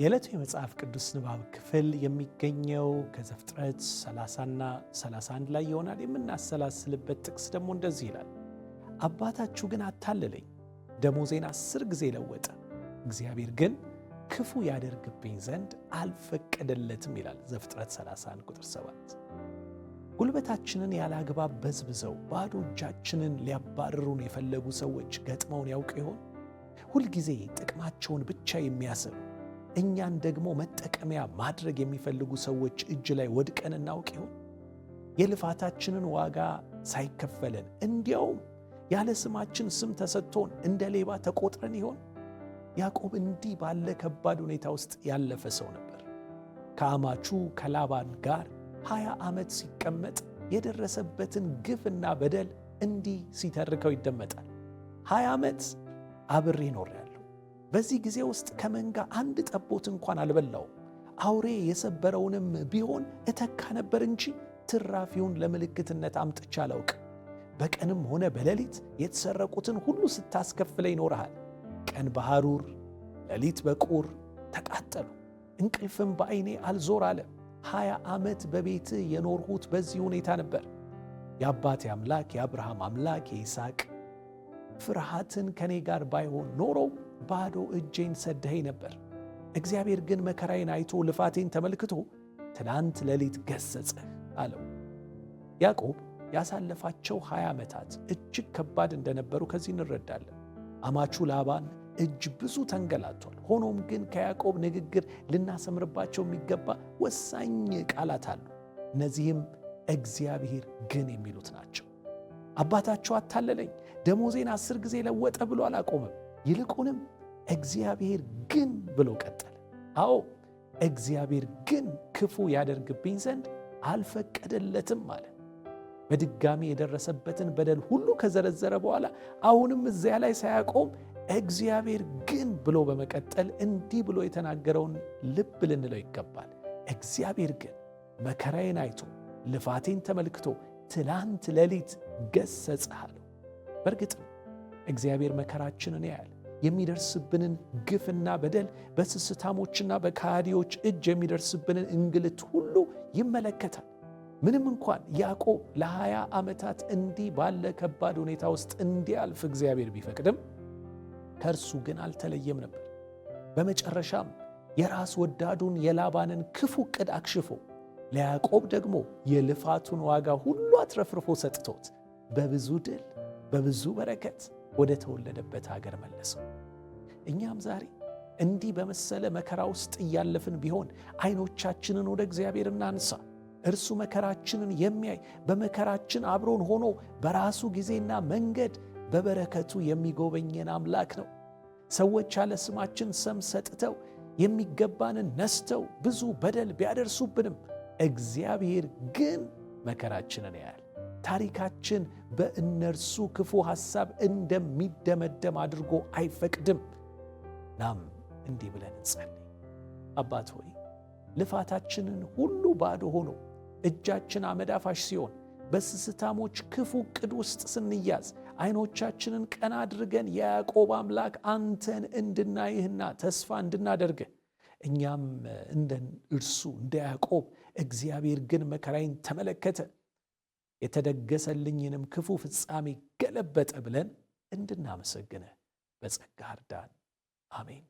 የዕለቱ የመጽሐፍ ቅዱስ ንባብ ክፍል የሚገኘው ከዘፍጥረት 30ና 31 ላይ ይሆናል። የምናሰላስልበት ጥቅስ ደግሞ እንደዚህ ይላል፣ አባታችሁ ግን አታለለኝ፣ ደሞዜን አስር ጊዜ ለወጠ፣ እግዚአብሔር ግን ክፉ ያደርግብኝ ዘንድ አልፈቀደለትም ይላል ዘፍጥረት 31 ቁጥር 7። ጉልበታችንን ያለ አግባብ በዝብዘው ባዶ እጃችንን ሊያባርሩን የፈለጉ ሰዎች ገጥመውን ያውቅ ይሆን? ሁልጊዜ ጥቅማቸውን ብቻ የሚያስብ እኛን ደግሞ መጠቀሚያ ማድረግ የሚፈልጉ ሰዎች እጅ ላይ ወድቀን እናውቅ ይሆን? የልፋታችንን ዋጋ ሳይከፈለን እንዲያውም ያለ ስማችን ስም ተሰጥቶን እንደ ሌባ ተቆጥረን ይሆን? ያዕቆብ እንዲህ ባለ ከባድ ሁኔታ ውስጥ ያለፈ ሰው ነበር። ከአማቹ ከላባን ጋር ሀያ ዓመት ሲቀመጥ የደረሰበትን ግፍና በደል እንዲህ ሲተርከው ይደመጣል። ሀያ ዓመት አብሬ ኖሬያለሁ በዚህ ጊዜ ውስጥ ከመንጋ አንድ ጠቦት እንኳን አልበላው አውሬ የሰበረውንም ቢሆን እተካ ነበር እንጂ ትራፊውን ለምልክትነት አምጥቻ አላውቅ በቀንም ሆነ በሌሊት የተሰረቁትን ሁሉ ስታስከፍለ ይኖርሃል። ቀን በሐሩር ሌሊት በቁር ተቃጠሉ፣ እንቅልፍም በዐይኔ አልዞር አለ። ሀያ ዓመት በቤት የኖርሁት በዚህ ሁኔታ ነበር። የአባቴ አምላክ የአብርሃም አምላክ የይስሐቅ ፍርሃትን ከእኔ ጋር ባይሆን ኖረው ባዶ እጄን ሰደኸኝ ነበር። እግዚአብሔር ግን መከራዬን አይቶ ልፋቴን ተመልክቶ ትናንት ሌሊት ገሰጸህ አለው። ያዕቆብ ያሳለፋቸው ሀያ ዓመታት እጅግ ከባድ እንደነበሩ ከዚህ እንረዳለን። አማቹ ላባን እጅ ብዙ ተንገላቷል። ሆኖም ግን ከያዕቆብ ንግግር ልናሰምርባቸው የሚገባ ወሳኝ ቃላት አሉ። እነዚህም እግዚአብሔር ግን የሚሉት ናቸው። አባታቸው አታለለኝ፣ ደሞዜን አስር ጊዜ ለወጠ ብሎ አላቆምም። ይልቁንም እግዚአብሔር ግን ብሎ ቀጠለ። አዎ እግዚአብሔር ግን ክፉ ያደርግብኝ ዘንድ አልፈቀደለትም አለ። በድጋሚ የደረሰበትን በደል ሁሉ ከዘረዘረ በኋላ አሁንም እዚያ ላይ ሳያቆም እግዚአብሔር ግን ብሎ በመቀጠል እንዲህ ብሎ የተናገረውን ልብ ልንለው ይገባል። እግዚአብሔር ግን መከራዬን አይቶ ልፋቴን ተመልክቶ ትላንት ሌሊት ገሰጸህ በእርግጥም እግዚአብሔር መከራችንን ያያል። የሚደርስብንን ግፍና በደል በስስታሞችና በካዲዎች እጅ የሚደርስብንን እንግልት ሁሉ ይመለከታል። ምንም እንኳን ያዕቆብ ለሀያ ዓመታት እንዲህ ባለ ከባድ ሁኔታ ውስጥ እንዲያልፍ እግዚአብሔር ቢፈቅድም ከእርሱ ግን አልተለየም ነበር። በመጨረሻም የራስ ወዳዱን የላባንን ክፉ ዕቅድ አክሽፎ ለያዕቆብ ደግሞ የልፋቱን ዋጋ ሁሉ አትረፍርፎ ሰጥቶት በብዙ ድል በብዙ በረከት ወደ ተወለደበት ሀገር መለሰው። እኛም ዛሬ እንዲህ በመሰለ መከራ ውስጥ እያለፍን ቢሆን አይኖቻችንን ወደ እግዚአብሔር እናንሳ። እርሱ መከራችንን የሚያይ በመከራችን አብሮን ሆኖ በራሱ ጊዜና መንገድ በበረከቱ የሚጎበኘን አምላክ ነው። ሰዎች ያለ ስማችን ስም ሰጥተው የሚገባንን ነስተው ብዙ በደል ቢያደርሱብንም እግዚአብሔር ግን መከራችንን ያያል። ታሪካችን በእነርሱ ክፉ ሐሳብ እንደሚደመደም አድርጎ አይፈቅድም። ናም እንዲህ ብለን እንጸልይ። አባት ሆይ ልፋታችንን ሁሉ ባዶ ሆኖ እጃችን አመዳፋሽ ሲሆን በስስታሞች ክፉ ቅድ ውስጥ ስንያዝ አይኖቻችንን ቀና አድርገን የያዕቆብ አምላክ አንተን እንድናይህና ተስፋ እንድናደርግህ እኛም እንደ እርሱ እንደ ያዕቆብ እግዚአብሔር ግን መከራይን ተመለከተ የተደገሰልኝንም ክፉ ፍጻሜ ገለበጠ ብለን እንድናመሰግነ በጸጋ እርዳን። አሜን።